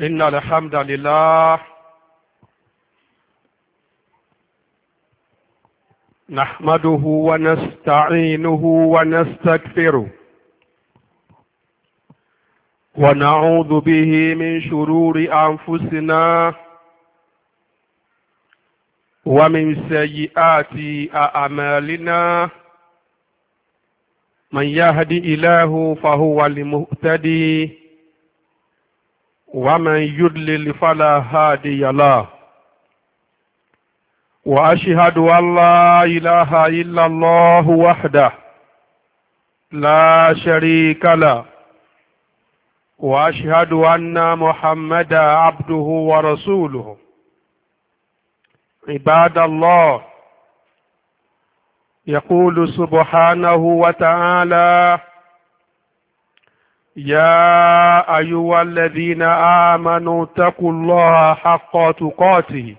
إن الحمد لله نحمده ونستعينه ونستكفره ونعوذ به من شرور أنفسنا ومن سيئات أعمالنا من يهدي إله فهو المهتدي ومن يدلل فلا هادي له وأشهد أن لا إله إلا الله وحده لا شريك له وأشهد أن محمدا عبده ورسوله عباد الله يقول سبحانه وتعالى يا أيها الذين آمنوا اتقوا الله حق تقاته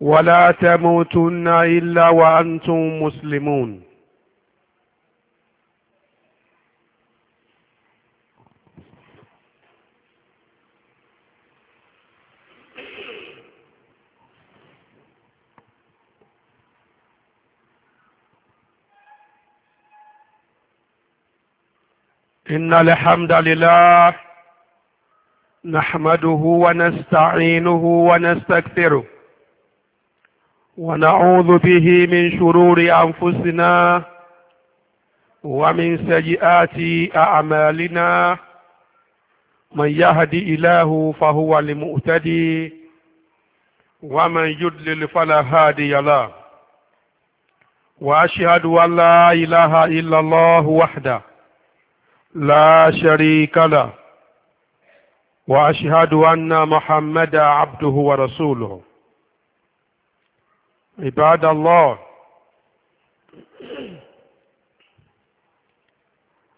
ولا تموتن إلا وأنتم مسلمون إن الحمد لله نحمده ونستعينه ونستكثره ونعوذ به من شرور أنفسنا ومن سيئات أعمالنا من يهدي إله فهو المؤتدي ومن يدلل فلا هادي له وأشهد أن لا إله إلا الله وحده لا شريك له واشهد ان محمدا عبده ورسوله عباد الله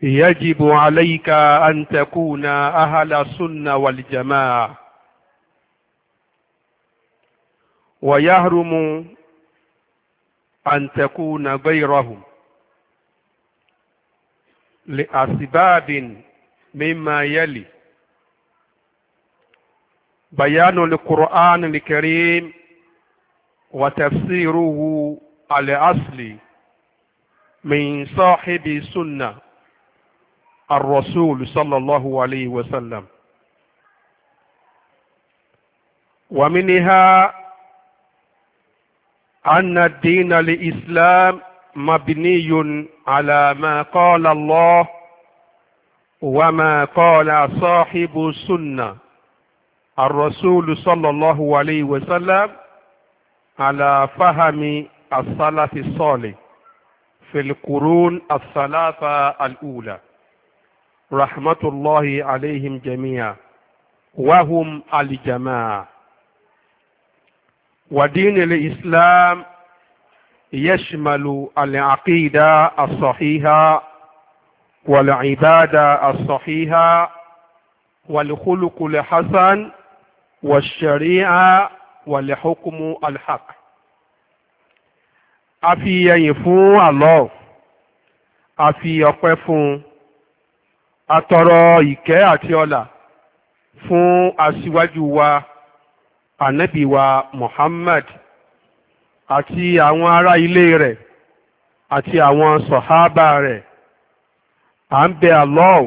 يجب عليك ان تكون اهل السنه والجماعه ويهرم ان تكون غيرهم لأسباب مما يلي بيان القرآن الكريم وتفسيره على أصل من صاحب السنة الرسول صلى الله عليه وسلم ومنها أن الدين الإسلام مبني على ما قال الله وما قال صاحب السنة الرسول صلى الله عليه وسلم على فهم الصلاة الصالح في القرون الثلاثة الأولى رحمة الله عليهم جميعا وهم الجماعة ودين الإسلام يشمل العقيدة الصحيحة والعبادة الصحيحة والخلق الحسن والشريعة والحكم الحق a fi ẹyìn fún Allah a fi ọpẹ́ fún a tọrọ ìkẹ́ àti ọlà fún aṣíwájú wa ànábì wa Muhammad àti àwọn ará ilé rẹ̀ àti àwọn sọ̀hábà rẹ̀ à ń bẹ Allah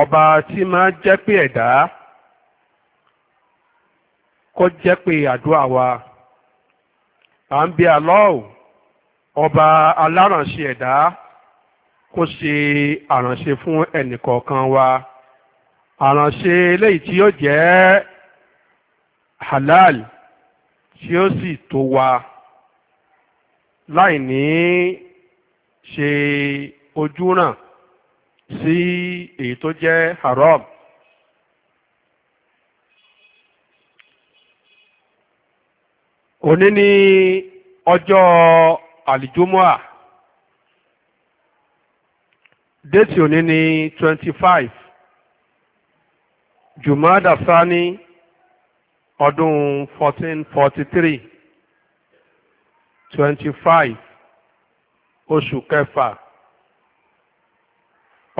ọba tí máa jẹ́ pé ẹ̀dá kó jẹ́ pé àdúrà wa à ń bẹ Allah ọba alárànṣe ẹ̀dá kó ṣe àrànṣe fún ẹnìkọ̀ọ̀kan wa àrànṣe eléyìí tí yóò jẹ́ halal tí ó sì tó wa láì ní ṣe ojúràn sí èyí tó jẹ́ haram. òní ni ọjọ́ àlìjúmọ́à déètì òní ni twenty five jùmọ́dà sani ọdún 1443 25 oṣù kẹfà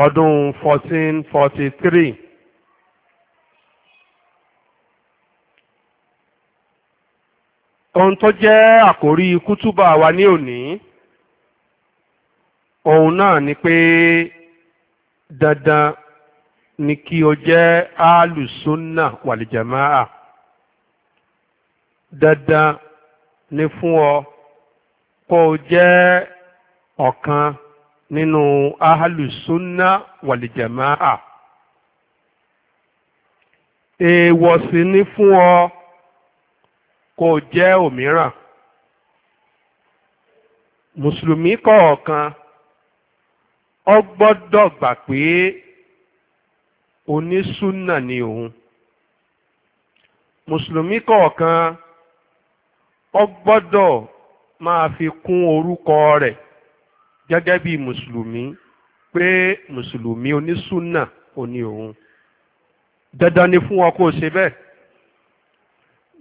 ọdún 1443 ohun tó jẹ́ àkórí kútúbà wa ní òní ohun náà ni pé dandan ni kí o jẹ́ alùsùnà wàlìjàmáà. dandan ni fún ọ kó o jẹ́ ọ̀kan nínú ahalùsúnná wàlìjàmáà èèwọ̀ ni fún ọ kó o jẹ́ òmíràn mùsùlùmí kọ̀ọ̀kan ọ gbọ́dọ̀ gbà pé onísúnà ni òun ó gbọ́dọ̀ máa fi kún orúkọ rẹ̀ gẹ́gẹ́ bí mùsùlùmí pé mùsùlùmí onísùnà òní òun dandan ni fún ọ kó o ṣe bẹ́ẹ̀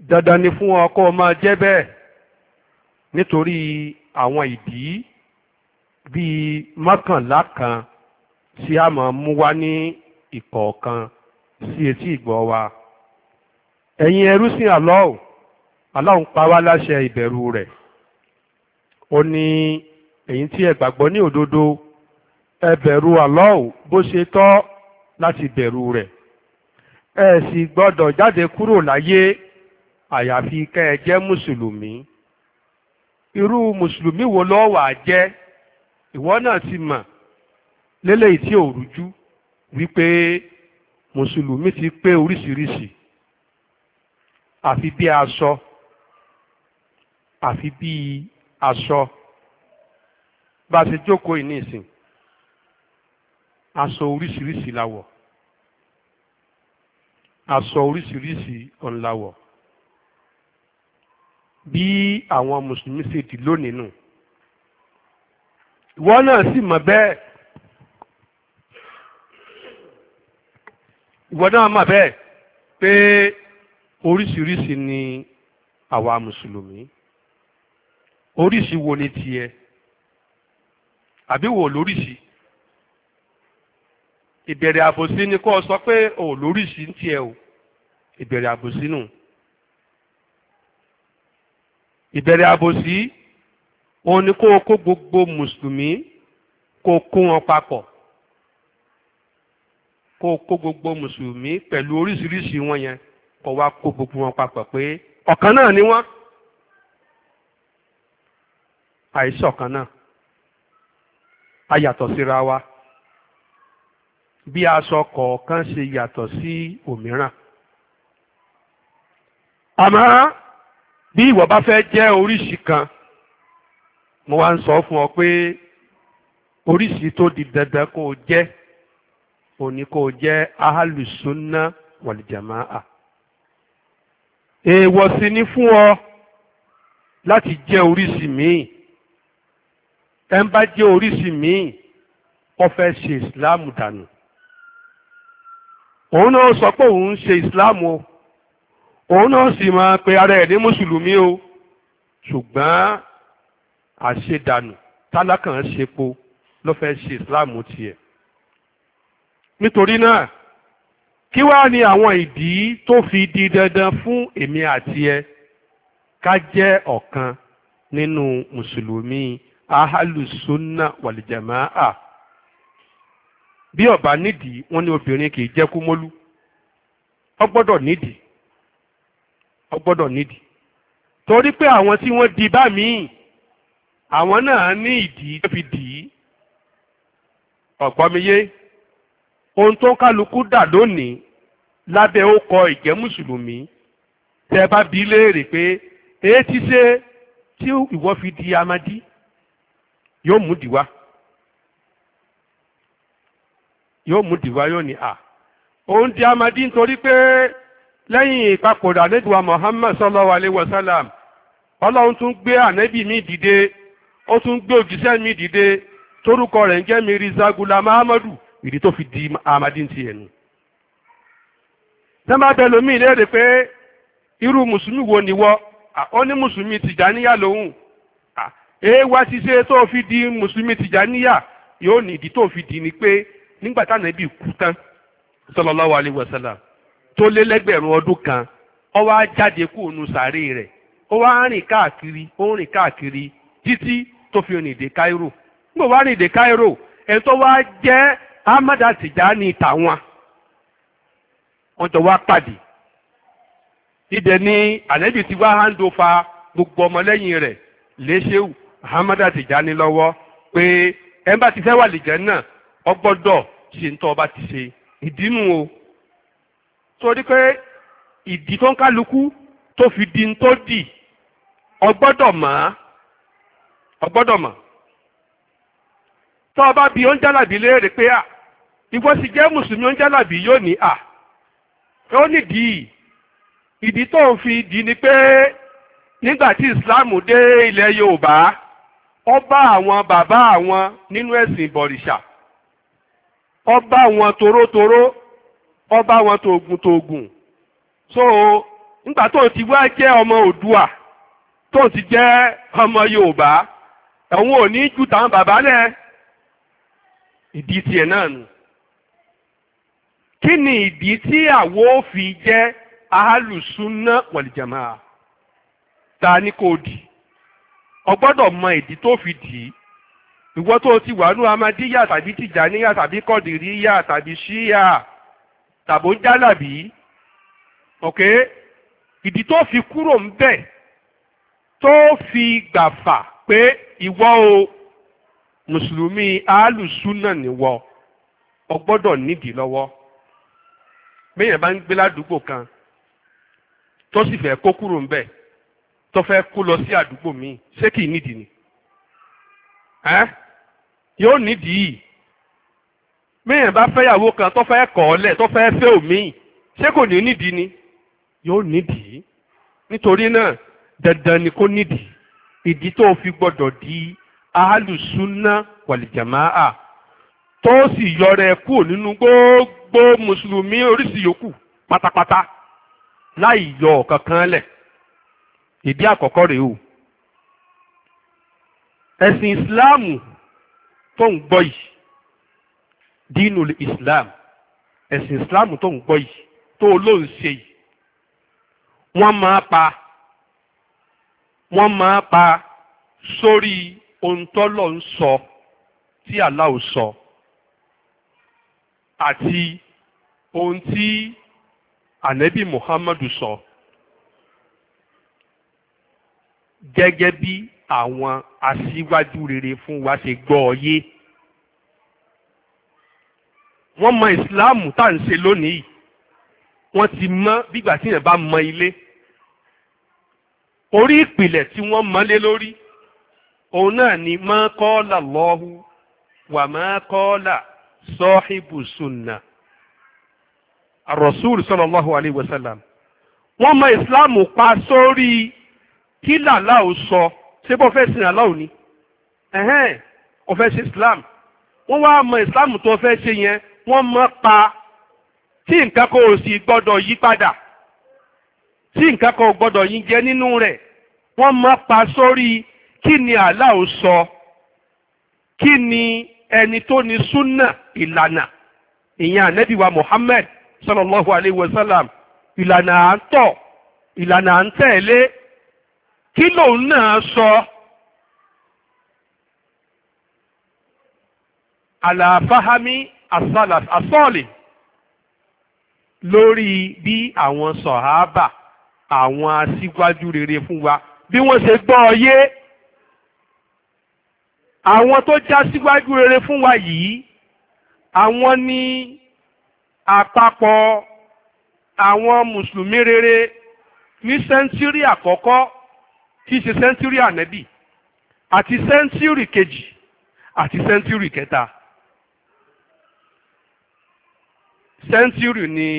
dandan ni fún ọ kó o máa jẹ́ bẹ́ẹ̀ nítorí àwọn ìdí bíi mọ́kànlá kan tí a máa mú wá ní ìkọ̀ọ̀kan sí etí ìgbọ́ wa ẹ̀yin ẹrú sìn àlọ́ ò. Allah ń pa wá láṣẹ ìbẹ̀rù rẹ̀ ó ní ẹ̀yin tí ẹ gbàgbọ́ ní òdodo ẹ bẹ̀rù Allah bó ṣe tọ́ láti bẹ̀rù rẹ̀ ẹ sì gbọ́dọ̀ jáde kúrò láyé àyàfi kẹ́ ẹ jẹ́ mùsùlùmí irú mùsùlùmí wo ló wà jẹ́ ìwọ náà ti mọ̀ lélẹ́yìí tí ò rújú wípé mùsùlùmí ti pé oríṣiríṣi àfi bí aṣọ àfi bíi aṣọ bá a ṣe jókòó ìní ìsìn aṣọ oríṣiríṣi láwọ̀ aṣọ oríṣiríṣi ọ̀nláwọ̀ bí àwọn mùsùlùmí ṣe dì lónìí nù ìwọ náà sì mọ̀ bẹ́ẹ̀ ìwọ náà mọ̀ bẹ́ẹ̀ pé oríṣiríṣi ni àwa mùsùlùmí oríṣi wo ni tiẹ̀ àbí wò lóríṣi ìbẹ̀rẹ̀ àbòsí ni kó o sọ pé ò lóríṣi ń tiẹ̀ o ìbẹ̀rẹ̀ àbòsí nù ìbẹ̀rẹ̀ àbòsí òun ni kó o kó gbogbo mùsùlùmí kó o kó wọn papọ̀ kó o kó gbogbo mùsùlùmí pẹ̀lú oríṣiríṣi wọn yẹn kó wá kó gbogbo wọn papọ̀ pé ọ̀kan náà ni wọ́n àìṣọ̀kan náà a yàtọ̀ síra wa bí aṣọ kọ̀ọ̀kan ṣe yàtọ̀ sí òmíràn àmọ́ bí ìwọ bá fẹ́ jẹ́ oríṣi kan mo wá ń sọ fún ọ pé oríṣi tó di dandan kó o jẹ́ òní kó o jẹ́ ahàlùsúnná wàlìjàmáà èèwọ̀ sì ni fún ọ láti jẹ́ oríṣi míì ẹ ń bá jẹ́ oríṣi míì wọ́n fẹ́ ṣe ìsìláàmù dànù òun náà sọ pé òun ń ṣe ìsìláàmù o òun náà sì máa pe ara ẹ̀ ní mùsùlùmí o ṣùgbọ́n àṣedànù tálákà ń ṣepo ló fẹ́ ṣe ìsìláàmù tiẹ̀ nítorí náà kí wá ni àwọn ìdí tó fi di dandan fún èmi àti ẹ ká jẹ́ ọ̀kan nínú mùsùlùmí ahalùsùnà wàlìjàmáà bí ọba nídìí wọ́n ní obìnrin kì í jẹ́ kú mólú ọ gbọ́dọ̀ nídìí ọ gbọ́dọ̀ nídìí torí pé àwọn tí wọ́n di bá míì àwọn náà ní ìdí tó fi dì í ọ̀gbọ́miyé ohun tó kálukú dà lónìí lábẹ́ ó kọ ìjẹ́ mùsùlùmí tẹ́ bá bi léèrè pé èé ti ṣe tí ìwọ fi di amadi. yóò mú dìwá yóò mú dìwá yóò ní à òun di amadi nítorí pé lẹ́yìn ìpapòdà nídùúwà Muhammad sallallahu alaihi wasallam ọlọ́run tún gbé ànẹ́bì mi dìde ó tún gbé òjíṣẹ́ mi dìde torúkọ rẹ̀ ń jẹ́ Mirza Gulam Ahmadu ìdí tó fi di amadi ti ẹ̀nu. sẹ́mbà bẹ́ẹ̀ lómi ìlérè pé irú mùsùlùmí wo ni wọ́ ó ní mùsùlùmí tìjà níyà lòun èèwà ṣiṣẹ́ tó fi di mùsùlùmí tìjàníyà yóò ní ìdí tó fi di ni pé nígbà táwọn ẹbí kú tán sallallahu alaihi wasallam tó lé lẹ́gbẹ̀rún ọdún kan ó wá jáde kú òun sàárè rẹ̀ ó wá rìn káàkiri ó rìn káàkiri títí tó fi rìn dé Cairo nígbà wá rìn dé Cairo ẹ̀ tó wá jẹ́ Amada Tijani tàwọn wọ́n jọ wá pàdé ibẹ̀ ni àlẹ́bí ti wá hàndófa gbogbo ọmọlẹ́yìn rẹ̀ léṣewu Muhammad Tijani lọ́wọ́ pé ẹ bá ti fẹ́ wà lìjẹ́ náà ọ gbọ́dọ̀ ṣe ń tọ́ ọba ti ṣe ìdínú o torí pé ìdí tó ń kálukú tó fi di tó dì ọ gbọ́dọ̀ mọ̀ ọ gbọ́dọ̀ mọ̀ tọ́ ọba bí ó ń jálàbí léèrè pé à ìwọ sì jẹ́ mùsùlùmí ó ń jálàbí yóò ní à ó nídìí ìdí tó ń fi dì ni pé nígbà tí ìsìláàmù dé ilẹ̀ Yorùbá ó bá àwọn bàbá àwọn nínú ẹ̀sìn ìbọ̀rìṣà ó bá wọn torótoró ó bá wọn tògùntògùn so nígbà tó ti wá jẹ́ ọmọ Oòduà tó ti jẹ́ ọmọ Yorùbá ẹ̀wọ̀n ò ní ju tàwọn bàbá náà ìdí tiẹ̀ náà nù kí ni ìdí tí àwo fi jẹ́ ta kò dì. ọgbọ́dọ̀ mọ ìdí tó fi dì í ìwọ tó ti wà ní amadíyà tàbí tìjàníyà tàbí kọdìríyà tàbí ṣíyà tàbó ń jálàbí ok ìdí tó fi kúrò ń bẹ̀ tó fi gbàfà pé ìwọ o mùsùlùmí alùsùnà nìwọ ọgbọ́dọ̀ nídìí lọ́wọ́ bẹ́ẹ̀ bá ń gbé ládùúgbò kan tó sì fẹ́ kó kúrò ń tó fẹ́ kó lọ sí àdúgbò mi ṣé kì í nídìí ni yóò nídìí míyàn bá fẹ́yàwó kan tó fẹ́ kọ̀ ọ́ lẹ̀ tó fẹ́ fẹ́ òmíì ṣé kò ní nídìí ni yóò nídìí nítorí náà dandan ni kò nídìí ìdí tó fi gbọ́dọ̀ di alùsùnà wàlìjàmáà tó sì yọrẹ kúrò nínú gbogbo mùsùlùmí oríṣi yòókù pátápátá láì yọ ọ̀kankan lẹ̀ ìdí àkọ́kọ́ rèé o ẹ̀sìn ìsìláàmù tó ń gbọ́ yìí dínú ìsìláàmù ẹ̀sìn ìsìláàmù tó ń gbọ́ yìí tó ló ń ṣe yìí wọ́n máa pa wọ́n máa pa sórí ohun tọ́lọ̀ ń sọ tí Allah sọ àti ohun tí ànẹ́bí Muhammadu sọ. So gẹ́gẹ́ bí àwọn aṣíwájú rere fún wa ṣe gbọ́ ọ yé wọ́n mọ ìsìláàmù tá à ń ṣe lónìí wọ́n ti mọ bígbà tí yẹn bá mọ ilé orí ìpìlẹ̀ tí wọ́n mọ́lé lórí òun náà ni máa kọ́ọ́là lọ́hù wà máa kọ́ọ́là sọ́hìbù sùnà àròsúrù sallallahu alayhi wa sallam wọ́n mọ ìsìláàmù pa sórí kí làlá ò sọ ṣé bọ́ fẹ́ sin àlá ò ní islam wọ́n wá islam tó fẹ́ ṣe yẹn wọ́n mọ pa tí nǹkan kan ò sì gbọ́dọ̀ yí padà tí nǹkan kan jẹ nínú rẹ̀ wọ́n mọ pa sórí kí ni àlá ò sọ ni ẹni tó ni súnà ìlànà ìyẹn ànẹ́bíwá Muhammad sallallahu alayhi wa sallam ìlànà à ìlànà kí lòun náà sọ àlàáfáhámi àsọ́ọ̀lì lórí bí àwọn sọ̀háábà àwọn aṣíwájú rere fún wa bí wọ́n ṣe gbọ́ ọyé àwọn tó já síwájú rere fún wa yìí àwọn ni àpapọ̀ àwọn mùsùlùmí rere ní sẹ́ńtúrì àkọ́kọ́ tí í ṣe sẹ́ńtúrì ànẹ́bì àti sẹ́ńtúrì kejì àti sẹ́ńtúrì kẹta sẹ́ńtúrì ni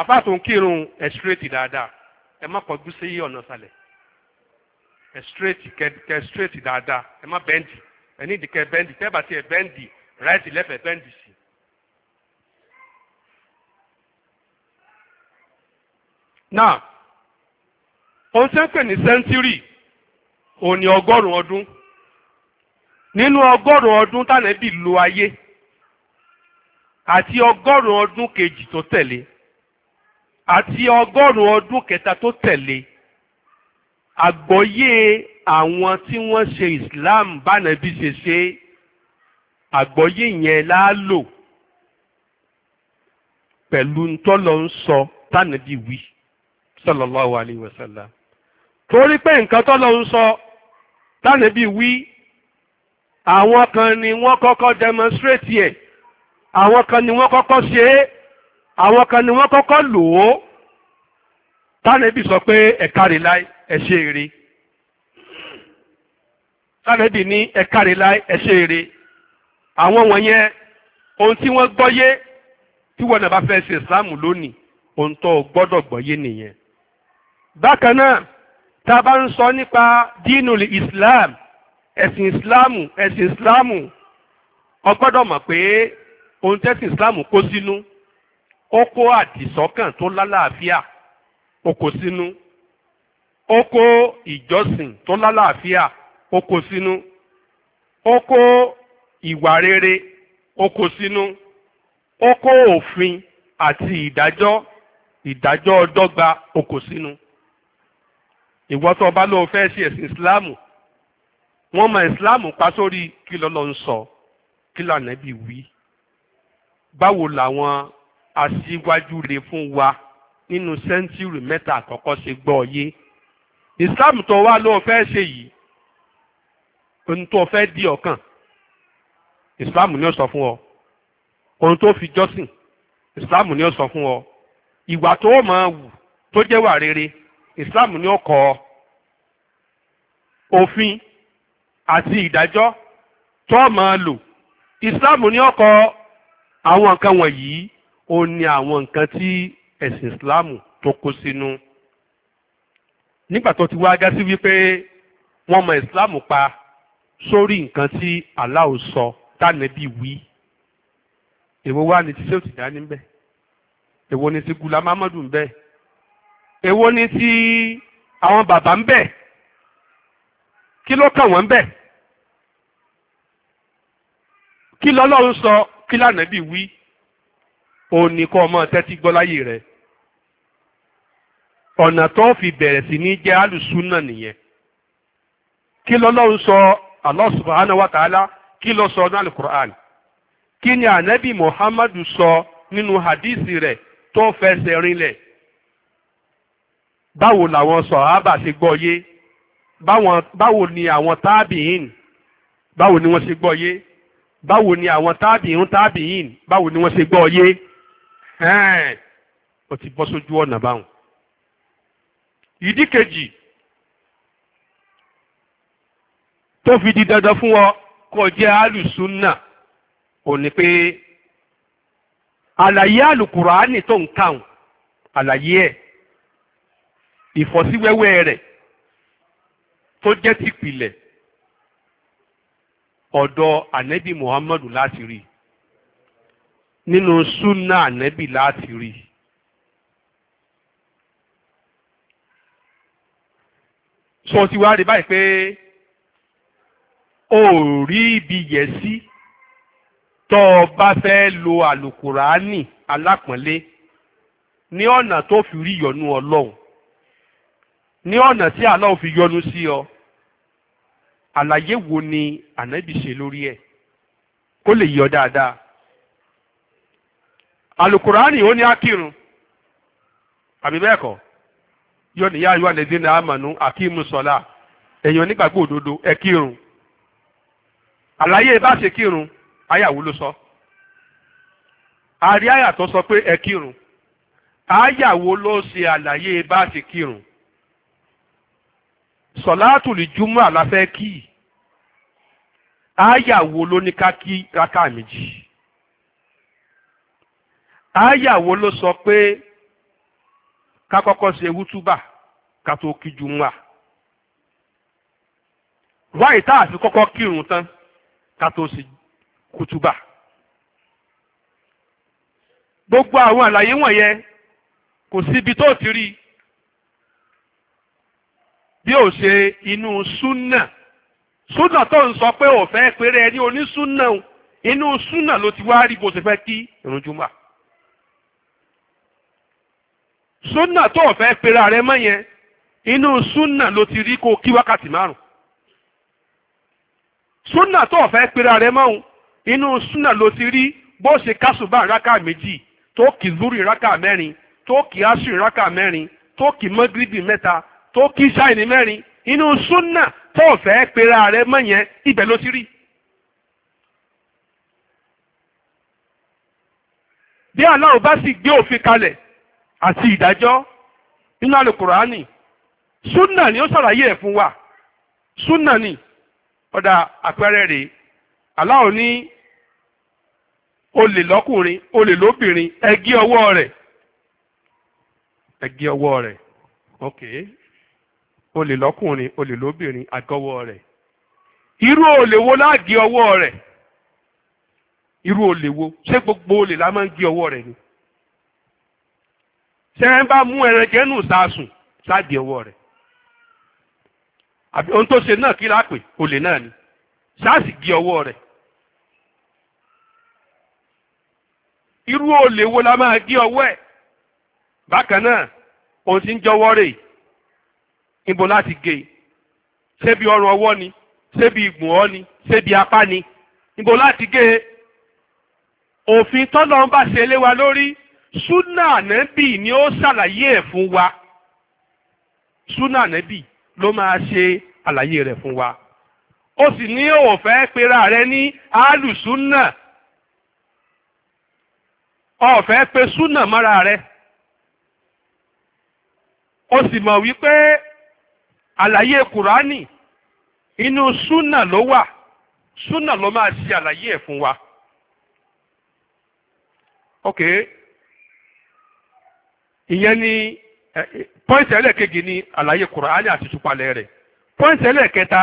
àbá tó kírun ẹ̀ straight dáadáa ẹ má kọjú sí ọ̀nà sàlẹ̀ ẹ straight kẹ straight dáadáa ẹ má bẹ́ǹdì ẹ ní ìdíkẹ bẹ́ǹdì tẹ́ bá ti ẹ bẹ́ǹdì ráìtì lẹ́fẹ̀ẹ́ bẹ́ǹdì sí. náà ohun tí wọ́n pè ní sẹ́ńtírì òun ni ọgọ́rùn-ún ọdún nínú ọgọ́rùn-ún ọdún tànẹ́bì lo ayé àti ọgọ́rùn-ún ọdún kejì tó tẹ̀lé àti ọgọ́rùn-ún ọdún kẹta tó tẹ̀lé àgbọ́yé àwọn tí wọ́n ṣe Islam bánàbí ṣe ṣe àgbọ́yé yẹn láálò pẹ̀lú ntọ́lọ́ ń sọ tànàbí wí sallallahu alayhi wa sallam torí pé nǹkan tó lọ ń sọ tánàbí wí àwọn kan ni wọ́n kọ́kọ́ demonstrate ẹ̀ àwọn kan ni wọ́n kọ́kọ́ ṣe é àwọn kan ni wọ́n kọ́kọ́ lò ó tánàbí sọ pé ẹ̀ka rè láì ẹ̀ ṣe èrè tánàbí ní ẹ̀ka rè láì ẹ̀ ṣe èrè àwọn wọ̀nyẹn ohun tí wọ́n gbọ́yé tí wọ́n náà bá fẹ́ ṣe ìsìláàmù lónìí ohun tó gbọ́dọ̀ gbọ́yé nìyẹn bákan náà ta a bá ń sọ nípa dínul islam ẹ̀sìn islamu ẹ̀sìn islamu o gbọ́dọ̀ mọ̀ pé ohun tẹ́sìn islamu kó sínú ó kó àdìsọ́kàn tó lálàáfíà ó kó sínú ó kó ìjọsìn tó lálàáfíà ó kó sínú ó kó ìwà rere ó kó sínú ó kó òfin àti ìdájọ́ ìdájọ́ ọdọ́gba ó kó sínú. ìwọ tó bá lóun fẹ́ ṣe ẹ̀sìn ìsìláàmù wọ́n mọ ìsìláàmù pa sórí kí lọ́lọ́ ń sọ kí lànàbí wí báwo làwọn aṣíwájú rè fún wa nínú sẹ́ńtúrì mẹ́ta àkọ́kọ́ ṣe gbọ́ yé ìsìláàmù tó wá lóun fẹ́ ṣe yìí ohun tó fẹ́ di ọ̀kan ìsìláàmù ni ó sọ fún ọ ohun tó fi jọ́sìn ìsìláàmù ni ó sọ fún ọ ìwà tó máa wù tó jẹ́ wà rere islam ni ó kọ òfin àti ìdájọ́ tó máa lò islam ni ó kọ àwọn nǹkan wọ̀nyí ó ní àwọn nǹkan tí ẹ̀sìn islam tó kó sínú nígbà tó ti wá gá sí wípé wọ́n mọ islam pa sórí nǹkan tí Allah sọ tánàbí wí èwo wá ni tí sèwtì dání bẹ́ẹ̀ èwo ni ti gula mamadu bẹ́ẹ̀. Ewo ni ti àwọn bàbá ń bẹ̀ kí ló kàn wọ́n ń bẹ̀ kí lọ́lọ́run sọ kí lànàbí wí òun ni kó ọmọ tẹ́tí gbọ́ láyé rẹ̀ ọ̀nà tó fi bẹ̀rẹ̀ sí ní jẹ́ alùsùnà nìyẹn kí lọ́lọ́run sọ Allah subhanahu wa ta'ala kí ló sọ ní alukur'an kí ni ànábì muhammadu sọ nínú hadisi rẹ̀ tó fẹsẹ̀ rinlẹ̀ báwo làwọn sọ̀hábà ṣe gbọ́ yé báwo ni àwọn tábìín báwo ni wọ́n ṣe gbọ́ yé báwo ni àwọn tábìín tábìín báwo ni wọ́n ṣe gbọ́ yé ó ti bọ́ sójú ọ̀nà báwọn. ìdí kejì tó fi di dandan fún ọ kó o jẹ́ alùsùnà ò ní pé àlàyé àlùkùránì tó ń kàn àlàyé ẹ̀ ìfọ́síwẹ́wẹ́ rẹ̀ tó jẹ́ tìpìlẹ̀ ọ̀dọ̀ ànẹ́bí muhammadu láti rí nínú súnà ànẹ́bí láti rí. sọ ti wá rí báyìí pé o ò rí ibi yẹ sí tó o bá fẹ́ lo àlùkùránì alápọ̀nlé ní ọ̀nà tó fi rí ìyọ́nú ọlọ́run. ní ọ̀nà tí Allah fi si sí ọ àlàyé wo ni ànábì ṣe lórí ẹ̀ kó lè yọ dáadáa alukurani ó ní akírun àbí bẹ́ẹ̀ kọ́ yọ ayọ́ àlẹ́dín náà àmànú akíìmù sọ́lá ẹ̀yin onígbàgbọ́ òdodo ẹ kírun àlàyé bá ṣe kírun ayàwó ló sọ àrí àyà alaye sọ pé ẹ sọ̀láàtù lè júmọ́ àláfẹ́ kí àyà wo ló ní ká kí rákà méjì àyà wo ló sọ pé ká kọ́kọ́ ṣe wútúbà ká tó kí júmọ́ à wáyé tá a fi kọ́kọ́ kírun tán ká tó ṣe kútúbà gbogbo àwọn àlàyé wọ̀nyẹn kò síbi tó ti rí i. bí ò ṣe inú súnà súnà tó ń sọ pé òfẹ́ péré ẹni onísúnà inú súnà ló ti wá rí bó ṣe fẹ́ kí ìrun jùmọ̀ súnà tó òfẹ́ péré ààrẹ inú súnà ló ti rí kó kí wákàtí márùn súnà tó òfẹ́ péré ààrẹ mọ́ inú súnà ló ti rí bó ṣe kásùbà rákà méjì tó kì zúrì rákà mẹ́rin tó kì áṣù rákà mẹ́rin tó kì mọ́gíríbì mẹ́ta tó kí ṣáì ní mẹ́rin inú súnà tó fẹ́ pera rẹ mọ́ yẹn ibẹ̀ ló ti rí. bí aláwo bá sì gbé òfin kalẹ̀ àti ìdájọ́ nínú àlùkùránì súnà ni ó ṣàlàyé ẹ̀ fún wa súnà ni ọ̀dà àpẹẹrẹ rèé aláwo ní olè lọ́kùnrin olè lóbìnrin ẹ gé ọwọ́ rẹ̀ ẹ gé ọwọ́ rẹ̀ ok olè lọ́kùnrin olè lóbìnrin àgọ́wọ́ rẹ̀ irú olè ọwọ́ rẹ̀ irú olè ṣé gbogbo olè la máa ń gé ọwọ́ rẹ̀ ni ṣé bá mú ẹrẹ̀jẹ̀ nù sàásùn ságé ọwọ́ rẹ̀ àbí ohun tó ṣe náà kí lápè olè náà ni gé ọwọ́ rẹ̀ irú la máa gé ọwọ́ ẹ̀ bákan náà ohun tí níbo láti gé e ṣé bí ọrùn ọwọ́ ni ṣé bí igun ọ́ ni ṣé bí apá ni níbo láti gé e òfin tọ́lọ́ ń bá ṣe lé wa lórí súnà ànábì ni ó ṣàlàyé ẹ̀ fún wa súnà ànábì ló máa ṣe àlàyé rẹ̀ fún wa ó sì ní ó pera rẹ̀ ní alùsúnà ó pe súnà mọ́ra rẹ̀ ó sì mọ̀ wípé àlàyé kùránì inú súnà ló wà súnà ló máa ṣe àlàyé ẹ̀ fún wa. ok ìyẹn ni pọ́ǹsì ẹlẹ́ẹ̀kejì ni àlàyé kùránì àti ìtúpalẹ̀ rẹ̀ pọ́ǹsì ẹlẹ́ẹ̀kẹta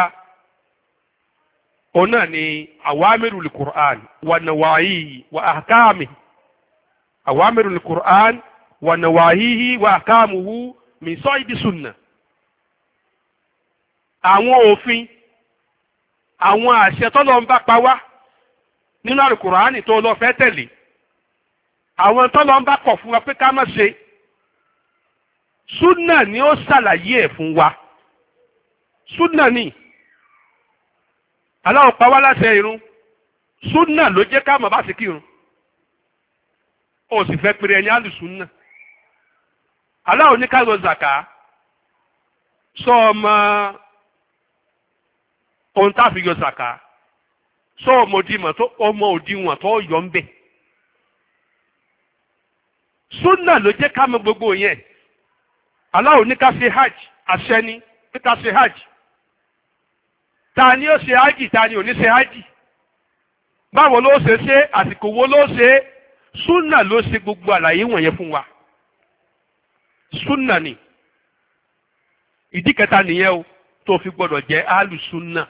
òun náà ni àwámẹ́rù kùránì wà nàwáyé wà àkáàmì àwámẹ́rù kùránì wà wà àkáàmù wù mí sọ ibi súnà àwọn òfin àwọn àṣẹ tọ́lọ ń bá pa wá nínú àlùkùránì tó lọ fẹ́ tẹ̀lé àwọn tọ́lọ ń bá kọ̀ fún wa pé ká má ṣe súnà ni ó ṣàlàyé ẹ̀ fún wa súnà ni Allah pa wá láṣẹ irun súnà ló jẹ́ ká mọ̀ bá sì kírun ó sì fẹ́ pèrè ẹni àlùsúnà Allah ní ká lọ zàkà sọ ọmọ. So, ohun tá a fi yọ sàkà sọ ọmọ òdiwọ̀n tó ọmọ òdiwọ̀n tó yọ ń bẹ̀. súnà ló jẹ́ ká mọ gbogbo yẹn Allah ní ká ṣe hajj àṣẹ ni pé ká ṣe hajj ta ni ó ṣe hajj ta ni ò ní ṣe hajj báwo ló ṣe ṣe àsìkò wo ló ṣe súnà ló ṣe gbogbo àlàyé wọ̀nyẹn fún wa súnà ni ìdí kẹta nìyẹn o tó fi gbọdọ̀ jẹ́ alùsúnà.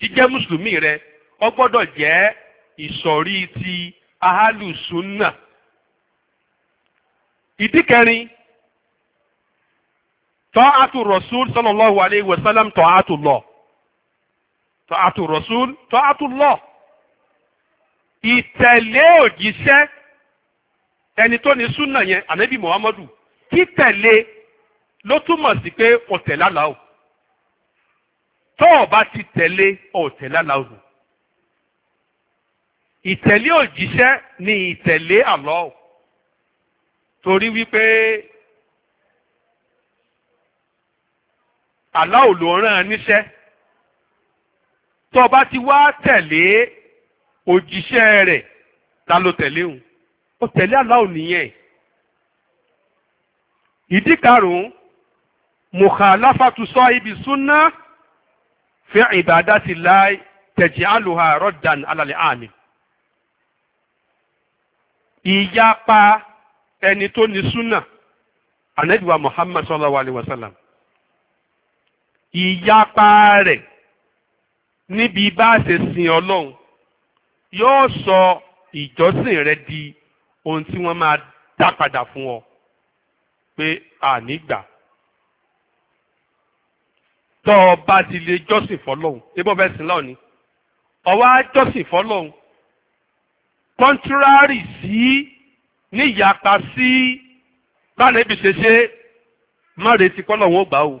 jíjẹ́ mùsùlùmí rẹ ó gbọ́dọ̀ jẹ́ ìsọ̀rí ti ahalùsùnà. ìdí kẹrin tọ́ àtù rọ̀súl sallallahu alayhi wa sallam tọ́ àtù lọ tọ́ àtù rọ̀súl tọ́ àtù lọ ìtẹ̀lé òjíṣẹ́ ẹni tó ní súnà yẹn ànábì muhammadu títẹ̀lé ló túmọ̀ sí pé ọ̀tẹ̀ lálàá o tó o bá ti tẹ̀lé ọ̀tẹ̀lá làwù ìtẹ̀lé òjíṣẹ́ ni ìtẹ̀lé àlọ́ torí wípé aláwo ló rán an níṣẹ́ tó o bá ti wá tẹ̀lé òjíṣẹ́ rẹ̀ ta ló tẹ̀lé òun ó tẹ̀lé aláwo nìyẹn ìdí karùn-ún mùkàláfàtúsọ ibi súnná fi ìbádàtì láì tẹ̀jì àlùhà rọ́dàn alàlẹ́ àmì. ìyapa ẹni tó ní súnà anabiwa Muhammad sallallahu alayhi wa sallam ìyapa rẹ̀ níbi bá a ṣe sin ọlọ́run yóò sọ ìjọsìn rẹ di ohun tí wọ́n máa dá padà fún ọ pé àní gbà. tọ́ ọ bá ti lè jọ́sìn fọlọ́hún ebó bẹ́ẹ̀ sìn lọ́ọ̀ ni ọwọ́ á jọ́sìn fọlọ́hún kọ́ńtúrárì sí níyàpá sí báyìí ibi ṣe ṣe má retí kọ́lọ́hún ó gbà ó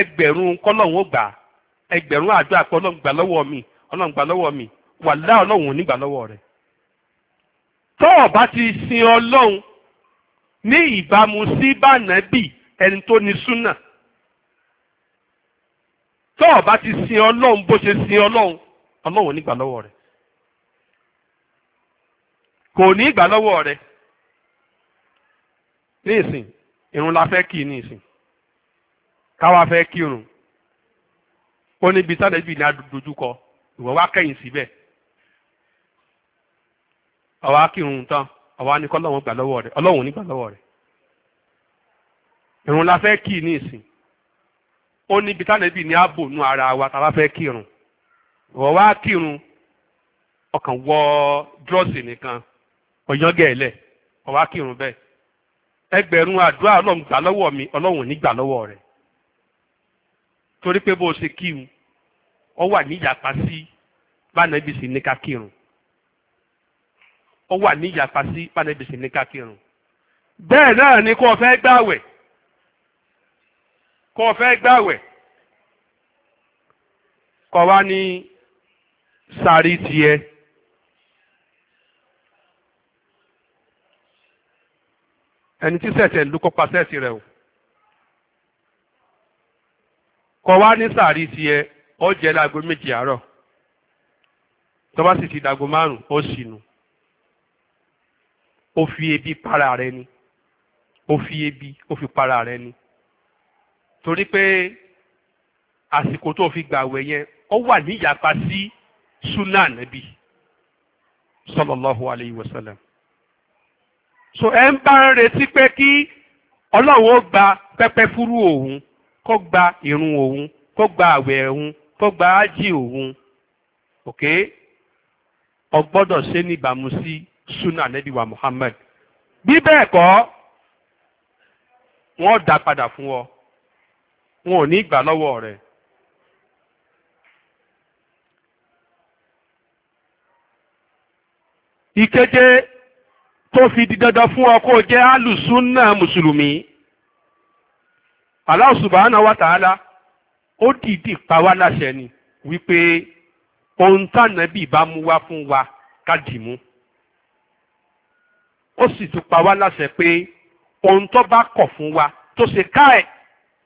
ẹgbẹ̀rún kọ́lọ́hún ó gbà ẹgbẹ̀rún àdúrà pé ọlọ́run gbà lọ́wọ́ mi gbà lọ́wọ́ mi ò ní gbà lọ́wọ́ rẹ̀ tọ́ ọ bá ti sin ọlọ́run ní ìbámu sí bánàbì ẹni tó n'i súnà tó o bá ti sin ọlọ́run bó ṣe sin ọlọ́run ọlọ́run ò ní gbà lọ́wọ́ rẹ kò ní gbà lọ́wọ́ rẹ ní ìsìn irun la fẹ́ kí ní ìsìn káwa fẹ́ kírun ó níbi sáré bíi ní adójúkọ ìwọ wá kẹ́yìn síbẹ̀ àwa kírun tán àwa ní kọ́ ọlọ́run gbà lọ́wọ́ rẹ ọlọ́run ò ní gbà lọ́wọ́ rẹ irun la fẹ́ kí ní ìsìn ó ní ibi tánàbì ní ààbò nu ara wa tá a bá fẹ́ kírun wọ́n wá kírun ọkàn wọ dírọ́ọ̀sì nìkan ọ̀yángẹ̀ẹ́lẹ̀ wọ́n wá kírun bẹ́ẹ̀ ẹgbẹ̀rún àdúrà ọlọ́run gbà lọ́wọ́ mi ọlọ́run ní gbà lọ́wọ́ rẹ̀ torí pé bó o ṣe kírun ọ wà ní ìyapa sí bánàbì sí ní ká kírun ọ wà ní ìyapa sí ní ká kírun bẹ́ẹ̀ náà ni kò fẹ́ gbàwẹ̀. kò fẹ́ gbàwẹ̀ kò wá ní sàárì tiẹ̀. ẹni tí sẹ̀sẹ̀ ló kópa sẹ́ẹ̀sì rẹ̀ o kò wá ní sàárì tiẹ̀ ó jẹ́ láago méjì àárọ̀ tó bá sì ti dàgò márùn ó sì nù ó fi ebi para rẹ̀ ni ó fi ebi ó fi para rẹ̀ ni torí pé àsìkò tó fi gbààwẹ̀ yẹn ó wà ní ìyapa sí sunnah Nabi sallallahu alayhi wa sallam so ẹ ń bá ń retí pé kí ọlọ́run ó gba pẹ́pẹ́ fúrú òun kó gba irun òun kó gba àwẹ̀ òun kó gba ájì òun ok ó gbọ́dọ̀ ṣe níbàámu sí sunnah Nabi wa Muhammad bí bẹ́ẹ̀ kọ́ wọ́n dá padà fún ọ wọn ò ní gbà lọ́wọ́ rẹ̀. ìkeje tó fi di dandan fún ọ kó jẹ́ alùsùnà mùsùlùmí Allah subhanahu wa ta'ala ó dìídì pa wá láṣẹ ni wípé ohun tànàbì bá mú wá fún wa ká dìmú ó sì tún pa wá láṣẹ pé ohun tó bá kọ̀ fún wa tó ṣe ká ẹ̀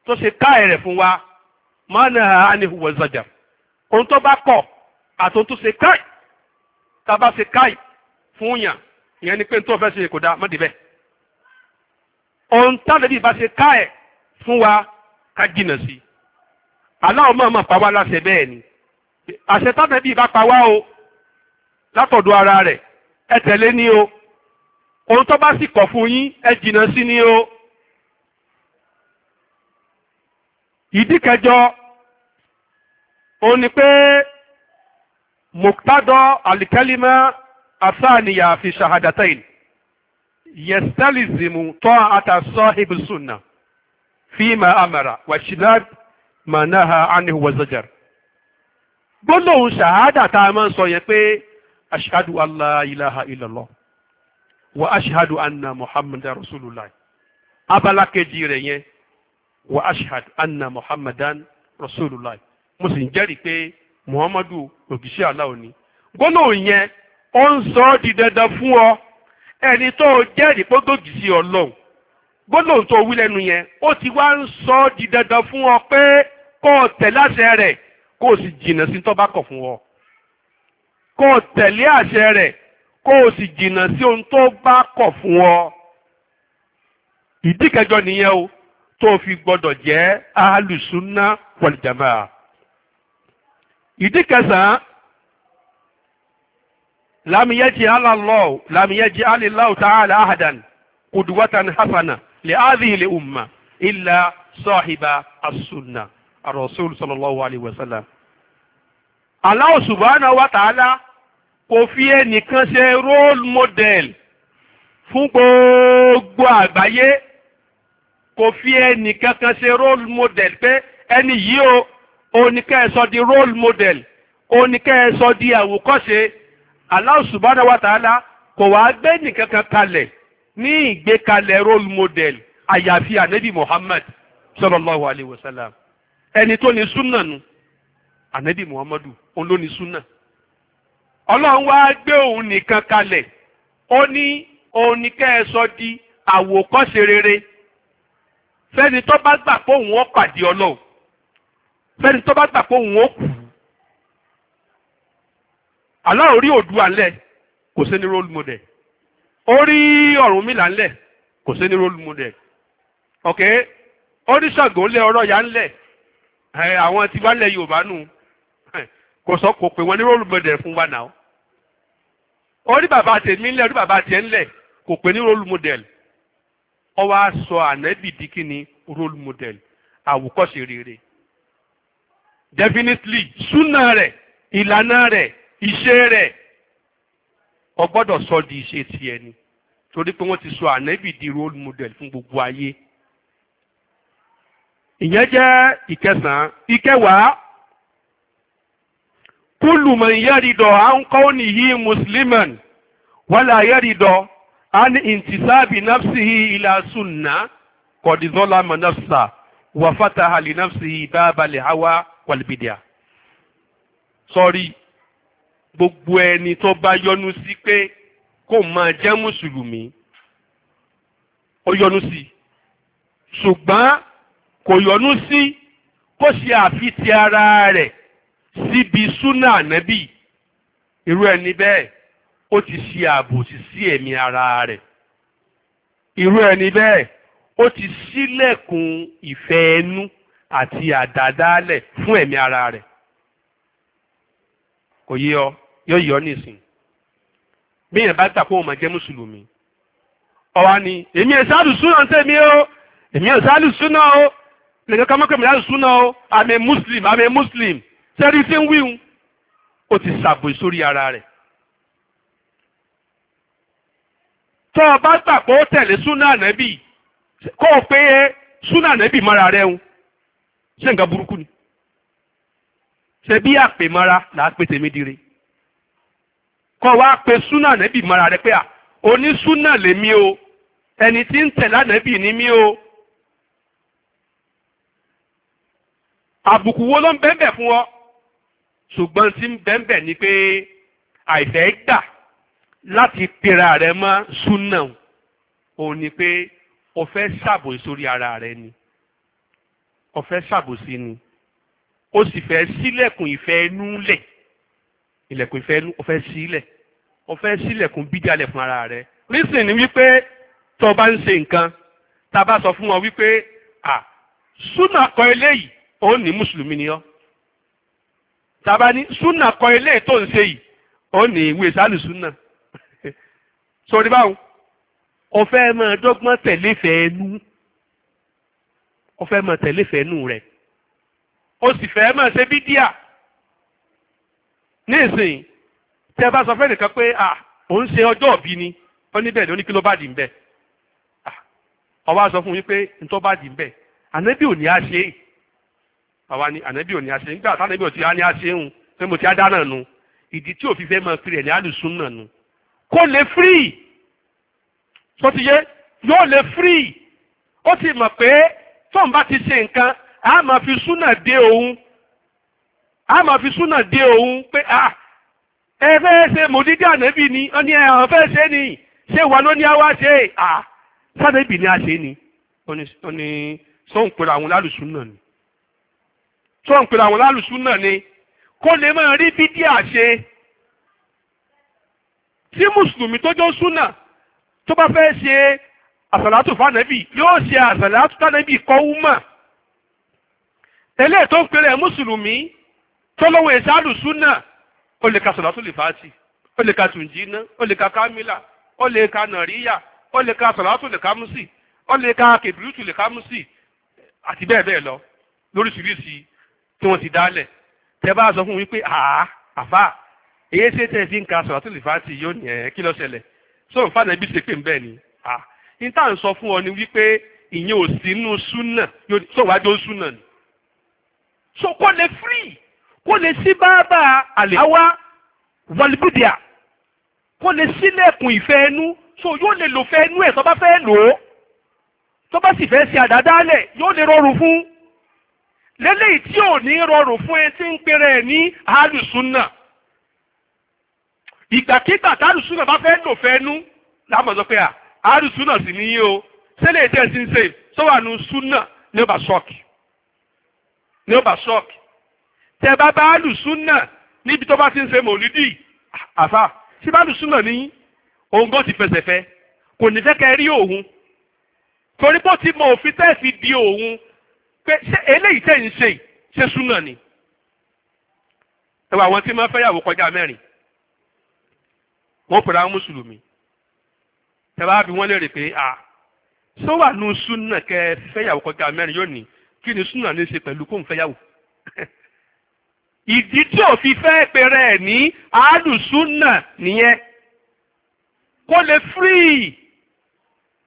tó ṣe káàyè rẹ̀ fún wa mọ́nà àníhùwẹ̀ zọjà ohun tó bá kọ̀ àtò tó ṣe káì tá a bá ṣe káì fún yàn ìyẹn ni pé n tó fẹ́ ṣe kò dáa mọ́dé bẹ́ẹ̀ ohun tálẹ́bí bá ṣe káì fún wa ká jìnà sí i aláwọ̀ máa máa pa wá láṣẹ bẹ́ẹ̀ ni àṣẹ tálẹ́bí bá pa wá o látọ̀dọ̀ ara rẹ̀ ẹ tẹ̀lé ni o ohun tó bá sì kọ̀ fún yín ẹ jìnà sí ni o. ìdí kẹjọ ó ní pé muktadọ alikẹlima asaniya fi shahadatain yẹstẹlizimu tọ́ àtàsọ ibùsùnà fíìmà amara wàṣíláàbì mànáhà ánìhù wàzọjàr gbólóhùn ṣàhádà tá a máa ń sọ yẹn pé aṣíhádù aláìláha ìlọlọ wa aṣíhádù anna muhammadu rasulullah abala kejì rẹ̀ yẹn wa ashhad anna muhammadan rasulullah mo sì ń jẹ́rìí pé muhammadu ògìṣẹ́ aláwo ni gbólóhùn yẹn ó ń sọ ọ́ di dandan fún ọ ẹni tó o jẹ́rìí pé gògìsí ọlọ́run gbólóhùn tó wí lẹ́nu yẹn ó ti wá ń sọ ọ́ di dandan fún ọ pé kó o tẹ̀lé àṣẹ rẹ̀ kó o sì jìnnà sí tó bá kọ̀ fún ọ kó o tẹ̀lé àṣẹ rẹ̀ kó o sì jìnnà sí ohun tó bá kọ̀ fún ọ ìdí kẹjọ nìyẹn o tó fi gbọdọ̀ jẹ́ alùsùnà wàlìjàmá. ìdí kẹsàn-án lámìyẹ́jì alàlọ́ lámìyẹ́jì alìláwù tààlà àhàdàn kùdùwátàn hasana lè áàdì lè umma ilà sọ́ọ̀hìbà asùnà àròsùn sọlọ́lọ́wọ́ àlìwẹ̀sálà. Allah subhanahu wa ta'ala kò fi ẹnìkan ṣe role model fún gbogbo àgbáyé kò fi ẹnì kankan ṣe role model pé ẹni yìí o oníkẹ́ ẹ sọ di role model oníkẹ́ ẹ sọ di àwòkọ́ṣe Allah subhanahu wa ta'ala kò wá gbé nìkankan kalẹ̀ ní ìgbékalẹ̀ role model àyàfi ànábì Muhammad sallallahu alayhi wa sallam ẹni tó ní súnà nu ànábì Muhammadu òun ló ní súnà ọlọ́run wá gbé òun nìkan kalẹ̀ ó ní oníkẹ́ ẹ sọ di àwòkọ́ṣe rere fẹ́ni tó bá gbà pé òun ó pàdé ọlọ́run fẹ́ni tó bá gbà pé òun ó kú aláwọ̀ rí Oòduà ńlẹ̀ kò sí ní role model ó rí Ọ̀rúnmìlà ńlẹ̀ kò sí ní role model ok ó rí Ṣàngó ńlẹ̀ Ọ̀rọ̀yà ńlẹ̀ àwọn tí wá lẹ̀ Yorùbá nù kò sọ kò pé wọn ní role model fún wa náà ó rí bàbá tèmi ńlẹ̀ ó rí bàbá tiẹ̀ ńlẹ̀ kò pé ní role model ó wá sọ ànábì di kí ni role model àwòkọ́ṣe rere definitely súnà rẹ̀ ìlànà rẹ̀ iṣẹ́ rẹ̀ ó gbọ́dọ̀ sọ di iṣẹ́ tiẹ̀ ni torí pé wọ́n ti sọ ànábì di role model fún gbogbo ayé ìyẹn jẹ́ ìkẹsàn-án ìkẹwàá kúlùmọ̀ ìyẹ́rìdọ̀ à ń kọ́ nìyí mùsùlùmọ̀ wọ́n là yẹ́rìdọ̀ ani intisabi nafsihi ila sunna qad zalama nafsa wa fataha li nafsihi baba li hawa wal bidia sorry gbogbo ẹni tó bá yọnu sí pé kó máa jẹ́ mùsùlùmí ó yọnu sí ṣùgbọ́n kò yọnu sí kó ṣe àfitì ara rẹ̀ síbi súnà ànábì irú ẹni bẹ́ẹ̀ ó ti ṣe àbòsí sí ẹ̀mí ara rẹ̀ irú ẹni bẹ́ẹ̀ ó ti ṣílẹ̀kùn ìfẹ́ ẹnu àti àdádálẹ̀ fún ẹ̀mí ara rẹ̀ kò yé ọ yóò yọ nísìn bí yẹn bá gbà pé òun máa jẹ́ mùsùlùmí ọ̀wá ni èmi ẹ̀ sáàlù súnà ń o èmi ẹ̀ sáàlù súnà o lẹ́yìn ká mọ́kànlá sáàlù súnà o àmì muslim àmì muslim sẹ́rí tí ń wíhun ó ti ṣàbòsí sórí ara rẹ̀ tó o bá gbà pé ó tẹ̀lé súnà ànábì kó o pé súnà ànábì mọ́ra rẹ̀ ń ṣe nǹkan burúkú ni ṣe bí àpèmọ́ra là á pè tèmi dire kọ́ wa pe súnà ànábì mọ́ra rẹ̀ pé à onísúnà lèmi o ẹni tí ń tẹ̀lé ànábì ni mí o. àbùkù wo ló ń bẹ́ẹ̀ bẹ́ẹ̀ fún ọ ṣùgbọ́n tí ń bẹ́ẹ̀ bẹ́ẹ̀ ni pé àìfẹ́ gbà láti pera rẹ mọ́ súnà òun ni pé o fẹ́ ṣàbòsí sórí ara rẹ ni o fẹ́ ṣàbòsí ni o sì fẹ́ sílẹ̀kùn ìfẹ́ inú lẹ̀ ilẹ̀kùn ìfẹ́ inú o fẹ́ sílẹ̀ o fẹ́ sílẹ̀kùn bídálẹ̀ fún ara rẹ rísìn ni wípé tó bá ń ṣe nǹkan tá a bá sọ fún wọn wípé à súnà kọ eléyìí ó ní mùsùlùmí ni ọ́ tá a bá ní súnà kọ eléyìí tó ń ṣe yìí ó ní ìwé sálù súnà sọ̀rí báwọn ọ̀fẹ́ máa dọ́gbọ́n tẹ̀lé fẹ́ẹ́nu ọ̀fẹ́ máa tẹ̀lé fẹ́ẹ́nu rẹ̀ o sì fẹ́ máa ṣe bídíà ní ìsìn tí ẹ bá sọ fẹ́ẹ́ nìkan pé à òun ṣe ọjọ́ òbí ni ó níbẹ̀ ló ní kí ló bá dì ń bẹ̀ ọwọ́ sọ fún yín pé ntọ́ bá dì ń bẹ̀ ànábì ò ní á ṣe é àwa ni ànábì ò ní a ṣe é nígbà tánábì ò ti á ní á ṣe é pé mo ti á dáná nu ìdí tí òfin fẹ́ máa kiri ẹ̀ ní àlùsùn náà nu kó lè free tó ti yé yóò lè free ó sì mọ̀ pé tóun bá ti ṣe nǹkan a máa fi súnà dé òun a máa fi súnà dé òun pé a ẹ fẹ́ ṣe mòdídé ànábì ni ó ní ẹ̀hàn fẹ́ ṣe ni ṣé wà ló ní a wá ṣe à sádẹ́bì ni a ṣe ni ó ní sóun pèrè àwọn lálùsùn náà ni sóun pèrè àwọn lálùsùn náà ni kó lè máa rí bídíà ṣe tí mùsùlùmí tó jọ súnà tó bá fẹ́ ṣe àsàlátù fànẹ́bì yóò ṣe àsàlátù fànẹ́bì kọ́wúmà eléyìí tó ń pèrè mùsùlùmí tó lọ́wọ́ ìsáàlù súnà ó lè ka àsàlátù lè fàátì ó lè ka tùǹjìnà ó lè ka kámílà ó lè ka nàríyà ó lè ka àsàlátù lè kámúsì ó lè ka kèbìrútù lè kámúsì àti bẹ́ẹ̀ bẹ́ẹ̀ lọ lóríṣiríṣi tí wọ́n ti dálẹ̀ tẹ́ bá sọ fún mi àá àfáà èyí ṣe tẹ̀ fi ń ka sọ̀rọ̀ tó lè ti yóò ní kí ló ṣẹlẹ̀ so n fàdà ibi ṣe pé bẹ́ẹ̀ ni ah n tá à ń sọ fún ọ ni wípé ìyẹn ò sí inú súnà so wàá jó súnà ni so kó lè free kó lè sí báábà àlè àwa wàlúbùdíà kó lè sílẹ̀kùn ìfẹ́ ẹnu so yóò lè lò fẹ́ ẹnu ẹ̀ tó bá fẹ́ lò ó tó bá sì fẹ́ ṣe àdádálẹ̀ yóò lè rọrùn fún lélẹ́yìí tí ò ní rọrùn fún ẹ tí ń pèrè ẹ̀ ní àlùsùn náà ìgbàkígbà tárùsù náà bá fẹ́ lò fẹ́nu láàmú sọ pé à àrùsù náà sì níyí o sẹ́lẹ̀ ìdí ẹ̀sìn ṣe sọ́wọ́nù súnà ní ọba ṣọ́ọ̀kì ní ọba ṣọ́ọ̀kì tẹ bá bá àrùsù náà níbi tó bá ti ń ṣe mòlídì àfà sí bá àrùsù náà níyí òun ti fẹsẹ̀ fẹ́ kò ní fẹ́ kẹ́ rí òun torí bó ti mọ òfin tẹ́ fi di òun pé ṣé eléyìí tẹ̀ ń ṣe ṣe súnà ni ẹwà àwọn tí máa fẹ́yàwó kọjá mẹ́rin wọ́n pèrè àwọn mùsùlùmí tẹ́lá bí wọ́n léèrè pé à sọ wà nù súnà kẹ fẹ́yàwó kọjá mẹ́rin yóò ní kí ni súnà ní í ṣe pẹ̀lú kóun fẹ́yàwó ìdí tí ò fi fẹ́ pèrè ẹ̀ ní àádùsúnà nìyẹn kó lè fírì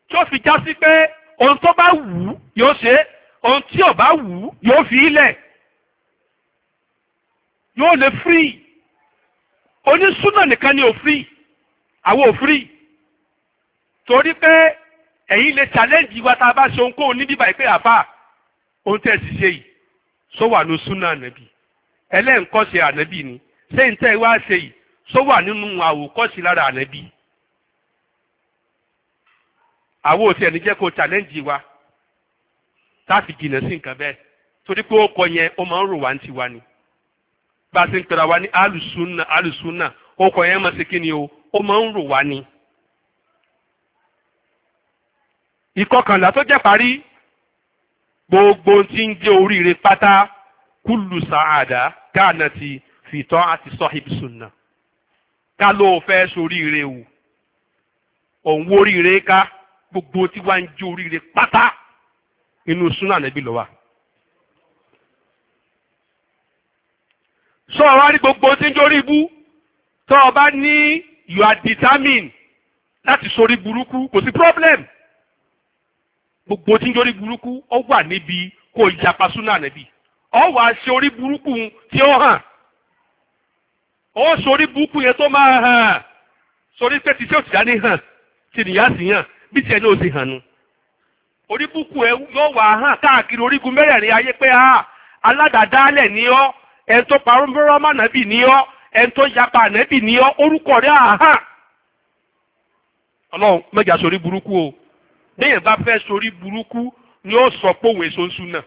tí ó fi já sí pé ohun tó bá wù ú yóò ṣe ohun tí ò bá wù ú yóò fi ilẹ̀ yóò lè fírì onísúnà nìkan ni ò fírì. awo ò free torí pé ẹ̀yin lè challenge wa ta a bá ṣe ohunkóhun ní bíbá ìpè àbá ohun tẹ́ ẹ sì ṣe yìí sọ wà ní súnà ànábì ẹlẹ́ǹkọ́ṣe ànábì ni ṣé ń tẹ́ ẹ wá ṣe yìí sọ wà nínú àwòkọ́ṣe lára ànábì àwọn ò tiẹ̀ ní jẹ́ kó challenge wa láti jìnnà sí nǹkan bẹ́ẹ̀ torí pé ó kọ yẹn ó máa ń rò wá ní tiwa ni bá a ṣe ń pera wa ní alùsùnà alùsùnà ó kọ yẹn máa ṣe kí ni o. ó máa ń rò wá ni. ìkọkànlá tó jẹ́ parí gbogbo tí ń jẹ́ oríire pátá kúlù sàádà káànà ti fìtọ́ àti sọ́hìbì sùnà ká ló fẹ́ soríire o òun wo oríire ká gbogbo tí wàá ń jẹ́ oríire pátá inú súnà níbí lọ́wọ́. sọ wá rí gbogbo tí ń jẹ́ orí ibú tọ́ ọ bá ní you are determined láti sori burúkú kò sí problem gbogbo tí ń jori burúkú ó wà níbi kó ìjàpá súnà níbi ó wà ṣe orí burúkú tí ó hàn ó sori burúkú yẹn tó máa hàn sori pé tí tí ti dání hàn tí nìyá sì hàn bí tiẹ̀ náà ti hàn nu orí burúkú ẹ yóò wà hàn káàkiri orígun mẹ́rẹ̀ẹ̀rin ayé pé ah, aládàádáálẹ̀ ni ọ́ ẹ̀ tó parọ́ mọ́rọ́ mọ́nàbí ni ọ. ẹni tó yapa ànẹ́bì ní ọ orúkọ rẹ̀ àhà ọlọ́run mẹ́jà sórí burúkú o bẹ́ẹ̀ bá fẹ́ sórí burúkú ni ó sọ pé òun èso ń náà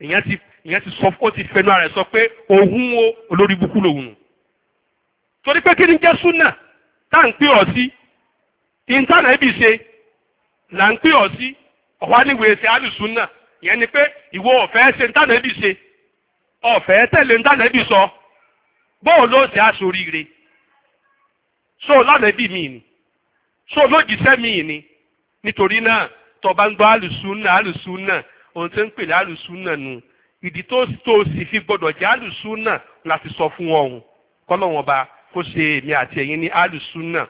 ìyẹn ti ìyẹn ti sọ ó ti fẹnu ara ẹ̀ sọ pé òun o olórí burúkú lòun nù torí pé kí ni jẹ́ súnà tá à ń pè ọ́ sí ìntànà ẹ̀bì ṣe là ń pè ọ́ sí ọ̀wá níwèé ṣe àlùsúnà ìyẹn ni pé ìwọ ọ̀fẹ́ ṣe ìntànà ẹ̀bì ṣe ọ̀fẹ́ tẹ̀lé ìntànà ẹ̀bì sọ. So bóun ló ṣe aṣoríire so lánàbí mi ni so lójíṣẹ́ mi ni nítorí náà tó bá ń gbọ́ alùsùnà alùsùnà ohun tó ń pè ní alùsùnà nu ìdí tó tó sì fi gbọdọ̀ jẹ́ alùsùnà láti sọ fún ọ̀hún kọ́lọ́wọ́n ba kó ṣe èmi àti ẹ̀yin ní alùsùnà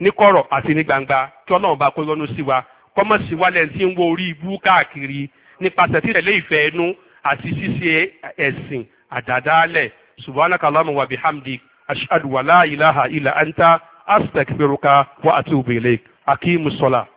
ní kọ̀rọ̀ àti ní gbangba kí ọlọ́run bá kó yọ́nú sí wa kọ́mọ̀ sí wálẹ̀ tí ń wo orí ibú káàkiri nípasẹ̀ títẹ̀lé ìfẹ́ ẹnu àti ṣíṣe ẹ̀sìn àdàdálẹ̀ سبحانك اللهم وبحمدك أشهد ولا إله إلا أنت أستغفرك وأتوب إليك أقيم الصلاة